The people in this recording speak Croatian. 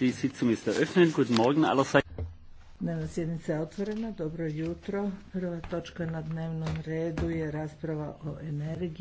Die Sitzung ist eröffnet. Guten Morgen allerseits. Dnevna sjednica je otvorena. Dobro jutro. Prva točka na dnevnom redu je rasprava o energiji.